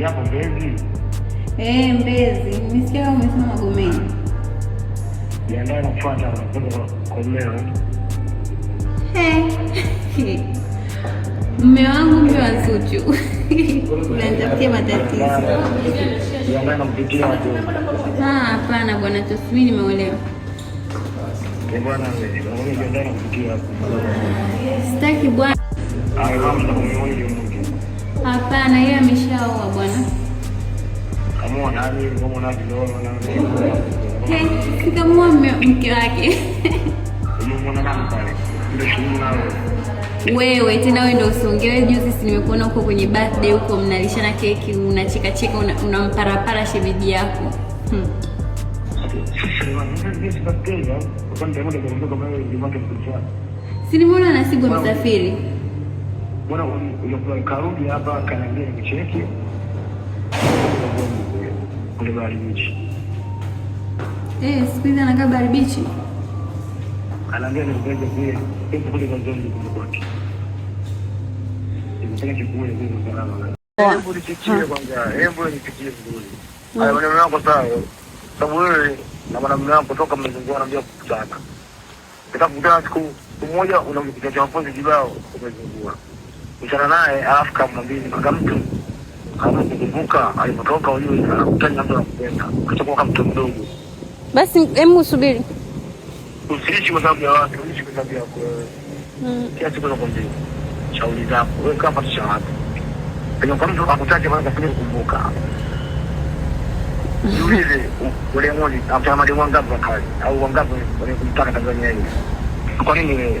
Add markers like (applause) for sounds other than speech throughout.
Yapo Mbezi. Eh, Mbezi. Nimesikia umesema Magomeni. Jiandae kufuata komeo. Eh, (laughs) Mme wangu mke wa Zuchu (laughs) unanitafutia matatizo. Ah, hapana bwana Tosmi, nimeolewa. Eh, Sitaki bwana Hapana, yeye ameshaoa bwana. Sikamua mke wake. Wewe tena wewe ndio usongewe. Juzi si nimekuona huko kwenye birthday huko mnalishana keki, unacheka cheka, unamparapara shemeji yako hmm. Eh. Si nimeona Nasibu msafiri mbona ukarudi hapa? Akaniambia nimecheki kule bahari bichi. Eh, siku hizi anakaa bahari bichi, anaambia nimekuja eh, kule kule Mazombe kule kwake, nimepeleka kikule kule salama. Hebu nifikirie ah. kwanza, hebu nifikirie vizuri haya maneno yako, sawa? Sababu wewe na mwanamume wako toka mmezungua, naambia kukutana, nataka kukutana siku moja, unamkuta cha mafunzi kibao, umezungua kuchana naye, alafu kamwambia nimepanga mtu kama kukumbuka alipotoka, ujue anakutana na mtu anakupenda, utakuwa kama mtu mdogo. Basi hebu usubiri, usiishi kwa sababu ya watu, uishi kwa sababu ya wewe. Mm. siku za kwambia shauri zako wewe, kama tusha watu ndio kwa mtu akutake bwana, kafanya kukumbuka Jiulize (laughs) wale mmoja amtamaje wangapi wakali au wangapi wenye wanakumtaka Tanzania hii. Kwa nini wewe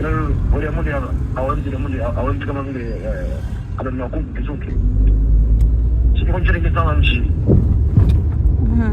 Muda hawamzi ile